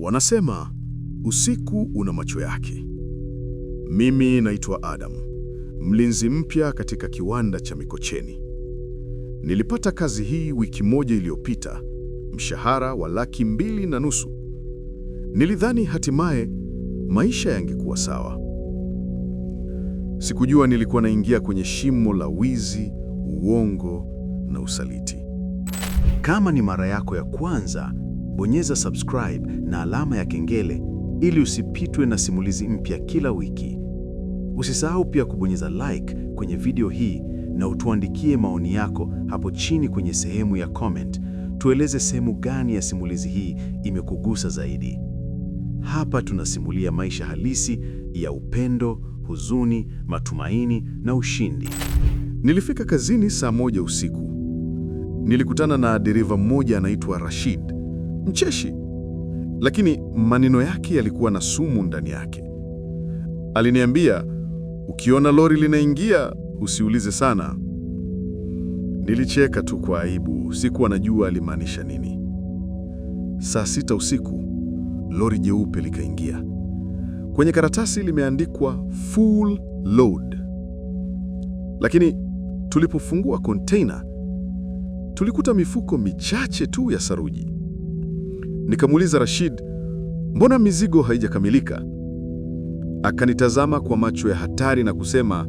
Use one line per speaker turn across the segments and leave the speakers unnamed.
Wanasema usiku una macho yake. Mimi naitwa Adam, mlinzi mpya katika kiwanda cha Mikocheni. Nilipata kazi hii wiki moja iliyopita, mshahara wa laki mbili na nusu. Nilidhani hatimaye maisha yangekuwa sawa. Sikujua nilikuwa naingia kwenye shimo la wizi, uongo na usaliti.
Kama ni mara yako ya kwanza bonyeza subscribe na alama ya kengele ili usipitwe na simulizi mpya kila wiki. Usisahau pia kubonyeza like kwenye video hii na utuandikie maoni yako hapo chini kwenye sehemu ya comment. Tueleze sehemu gani ya simulizi hii imekugusa zaidi. Hapa tunasimulia maisha halisi ya upendo, huzuni, matumaini na ushindi.
Nilifika kazini saa moja usiku. Nilikutana na dereva mmoja anaitwa Rashid mcheshi, lakini maneno yake yalikuwa na sumu ndani yake. Aliniambia, ukiona lori linaingia usiulize sana. Nilicheka tu kwa aibu, sikuwa najua alimaanisha nini. Saa sita usiku lori jeupe likaingia. Kwenye karatasi limeandikwa full load, lakini tulipofungua konteina tulikuta mifuko michache tu ya saruji. Nikamuuliza Rashid, mbona mizigo haijakamilika? Akanitazama kwa macho ya hatari na kusema,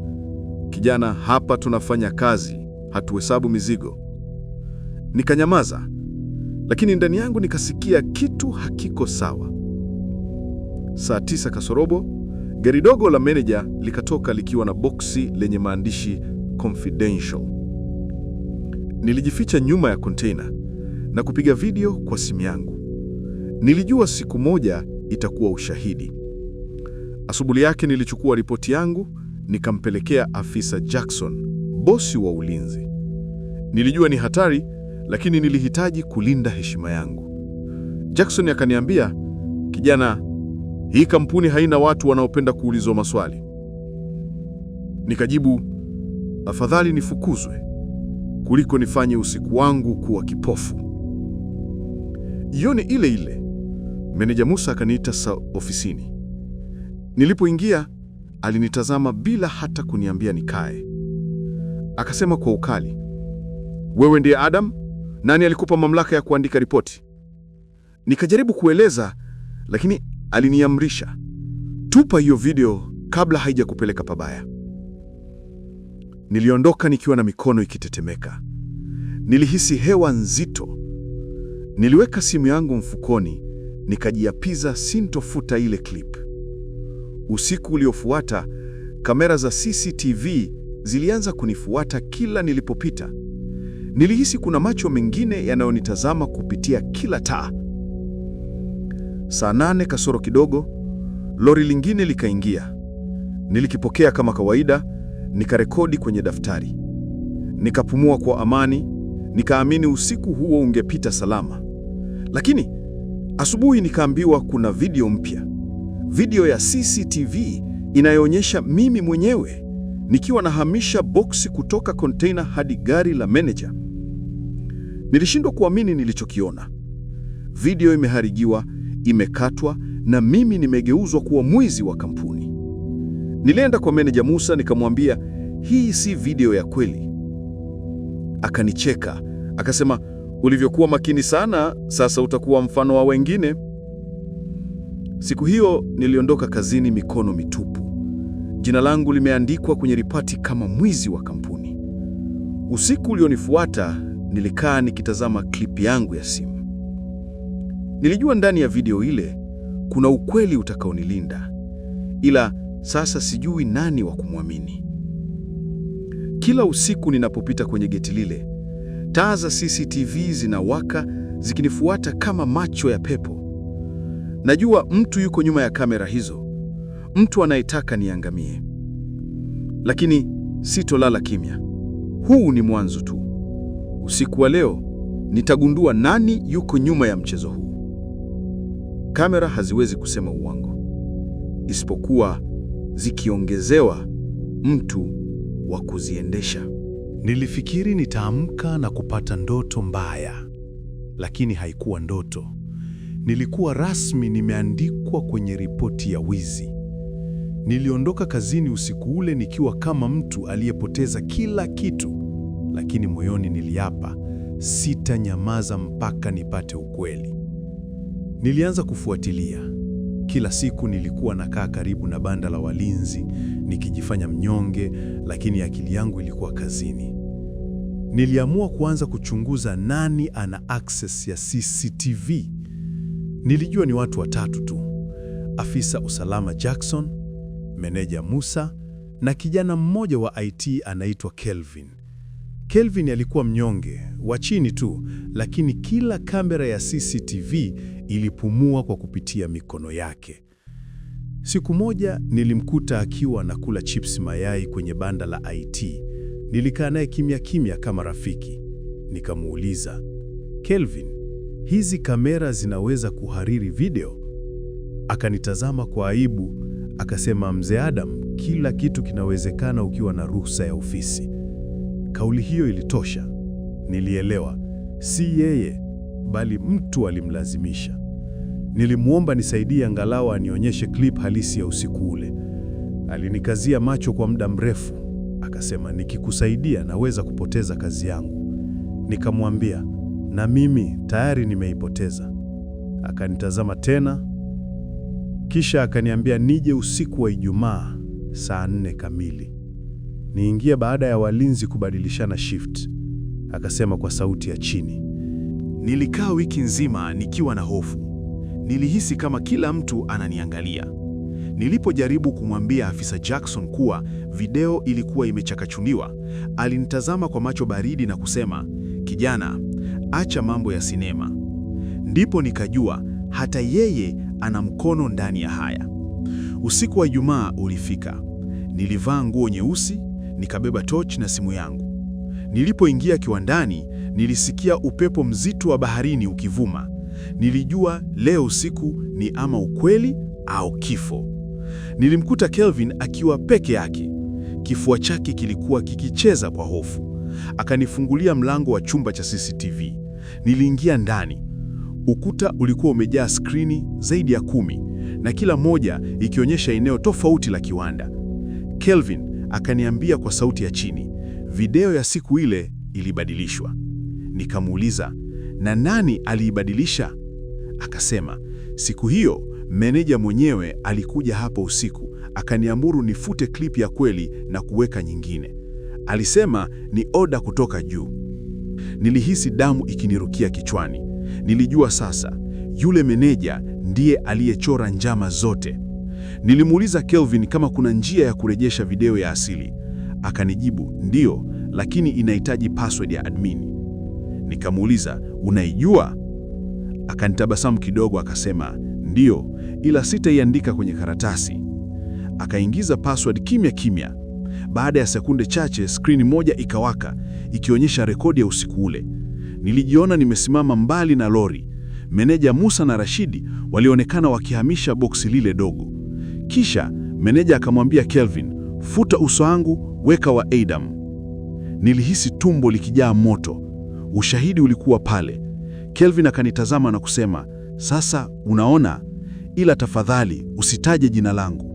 kijana, hapa tunafanya kazi, hatuhesabu mizigo. Nikanyamaza, lakini ndani yangu nikasikia kitu hakiko sawa. Saa tisa kasorobo gari dogo la meneja likatoka likiwa na boksi lenye maandishi confidential. Nilijificha nyuma ya container na kupiga video kwa simu yangu. Nilijua siku moja itakuwa ushahidi. Asubuhi yake nilichukua ripoti yangu nikampelekea afisa Jackson, bosi wa ulinzi. Nilijua ni hatari, lakini nilihitaji kulinda heshima yangu. Jackson akaniambia, kijana, hii kampuni haina watu wanaopenda kuulizwa maswali. Nikajibu, afadhali nifukuzwe kuliko nifanye usiku wangu kuwa kipofu. Jioni ile ile Meneja Musa akaniita sa ofisini. Nilipoingia alinitazama bila hata kuniambia nikae. Akasema kwa ukali, wewe ndiye Adam? Nani alikupa mamlaka ya kuandika ripoti? Nikajaribu kueleza, lakini aliniamrisha, tupa hiyo video kabla haijakupeleka pabaya. Niliondoka nikiwa na mikono ikitetemeka. Nilihisi hewa nzito. Niliweka simu yangu mfukoni nikajiapiza sintofuta ile clip. Usiku uliofuata kamera za CCTV zilianza kunifuata kila nilipopita. Nilihisi kuna macho mengine yanayonitazama kupitia kila taa. Saa nane kasoro kidogo, lori lingine likaingia. Nilikipokea kama kawaida, nikarekodi kwenye daftari. Nikapumua kwa amani, nikaamini usiku huo ungepita salama, lakini Asubuhi nikaambiwa kuna video mpya, video ya CCTV inayoonyesha mimi mwenyewe nikiwa nahamisha boksi kutoka container hadi gari la meneja. Nilishindwa kuamini nilichokiona. Video imeharigiwa imekatwa na mimi nimegeuzwa kuwa mwizi wa kampuni. Nilienda kwa meneja Musa nikamwambia, hii si video ya kweli. Akanicheka akasema Ulivyokuwa makini sana, sasa utakuwa mfano wa wengine. Siku hiyo niliondoka kazini mikono mitupu. Jina langu limeandikwa kwenye ripoti kama mwizi wa kampuni. Usiku ulionifuata nilikaa nikitazama klipi yangu ya simu. Nilijua ndani ya video ile kuna ukweli utakaonilinda, ila sasa sijui nani wa kumwamini. Kila usiku ninapopita kwenye geti lile Taa za CCTV zinawaka zikinifuata kama macho ya pepo. Najua mtu yuko nyuma ya kamera hizo, mtu anayetaka niangamie. Lakini sitolala kimya. Huu ni mwanzo tu. Usiku wa leo nitagundua nani yuko nyuma ya mchezo huu. Kamera haziwezi kusema uongo, isipokuwa zikiongezewa mtu wa kuziendesha.
Nilifikiri nitaamka na kupata ndoto mbaya, lakini haikuwa ndoto. Nilikuwa rasmi nimeandikwa kwenye ripoti ya wizi. Niliondoka kazini usiku ule nikiwa kama mtu aliyepoteza kila kitu, lakini moyoni niliapa, sitanyamaza mpaka nipate ukweli. Nilianza kufuatilia kila siku nilikuwa nakaa karibu na banda la walinzi nikijifanya mnyonge, lakini akili yangu ilikuwa kazini. Niliamua kuanza kuchunguza nani ana access ya CCTV. Nilijua ni watu watatu tu: afisa usalama Jackson, meneja Musa na kijana mmoja wa IT anaitwa Kelvin. Kelvin alikuwa mnyonge wa chini tu, lakini kila kamera ya CCTV ilipumua kwa kupitia mikono yake. Siku moja nilimkuta akiwa anakula chips mayai kwenye banda la IT. Nilikaa naye kimya kimya kama rafiki. Nikamuuliza, Kelvin, hizi kamera zinaweza kuhariri video? Akanitazama kwa aibu, akasema, mzee Adam, kila kitu kinawezekana ukiwa na ruhusa ya ofisi. Kauli hiyo ilitosha. Nilielewa si yeye bali mtu alimlazimisha. Nilimwomba nisaidie angalau anionyeshe clip halisi ya usiku ule. Alinikazia macho kwa muda mrefu, akasema, nikikusaidia naweza kupoteza kazi yangu. Nikamwambia, na mimi tayari nimeipoteza. Akanitazama tena, kisha akaniambia nije usiku wa Ijumaa saa nne kamili niingie baada ya walinzi kubadilishana shift. Akasema kwa sauti ya chini, nilikaa wiki nzima nikiwa na hofu nilihisi kama kila mtu ananiangalia. Nilipojaribu kumwambia afisa Jackson kuwa video ilikuwa imechakachuniwa, alinitazama kwa macho baridi na kusema, "Kijana, acha mambo ya sinema." Ndipo nikajua hata yeye ana mkono ndani ya haya. Usiku wa Ijumaa ulifika. Nilivaa nguo nyeusi, nikabeba tochi na simu yangu. Nilipoingia kiwandani, nilisikia upepo mzito wa baharini ukivuma. Nilijua leo usiku ni ama ukweli au kifo. Nilimkuta Kelvin akiwa peke yake. Kifua chake kilikuwa kikicheza kwa hofu. Akanifungulia mlango wa chumba cha CCTV. Niliingia ndani. Ukuta ulikuwa umejaa skrini zaidi ya kumi na kila moja ikionyesha eneo tofauti la kiwanda. Kelvin akaniambia kwa sauti ya chini, video ya siku ile ilibadilishwa. Nikamuuliza, na nani aliibadilisha? Akasema siku hiyo meneja mwenyewe alikuja hapo usiku, akaniamuru nifute klip ya kweli na kuweka nyingine. Alisema ni oda kutoka juu. Nilihisi damu ikinirukia kichwani. Nilijua sasa yule meneja ndiye aliyechora njama zote. Nilimuuliza Kelvin kama kuna njia ya kurejesha video ya asili. Akanijibu ndiyo, lakini inahitaji password ya admin. Nikamuuliza unaijua? Akanitabasamu kidogo akasema, ndiyo, ila sitaiandika kwenye karatasi. Akaingiza password kimya kimya. Baada ya sekunde chache, skrini moja ikawaka ikionyesha rekodi ya usiku ule. Nilijiona nimesimama mbali na lori. Meneja Musa na Rashidi walionekana wakihamisha boksi lile dogo. Kisha meneja akamwambia Kelvin, futa uso wangu, weka wa Adam. Nilihisi tumbo likijaa moto. Ushahidi ulikuwa pale. Kelvin akanitazama na kusema, sasa unaona, ila tafadhali usitaje jina langu.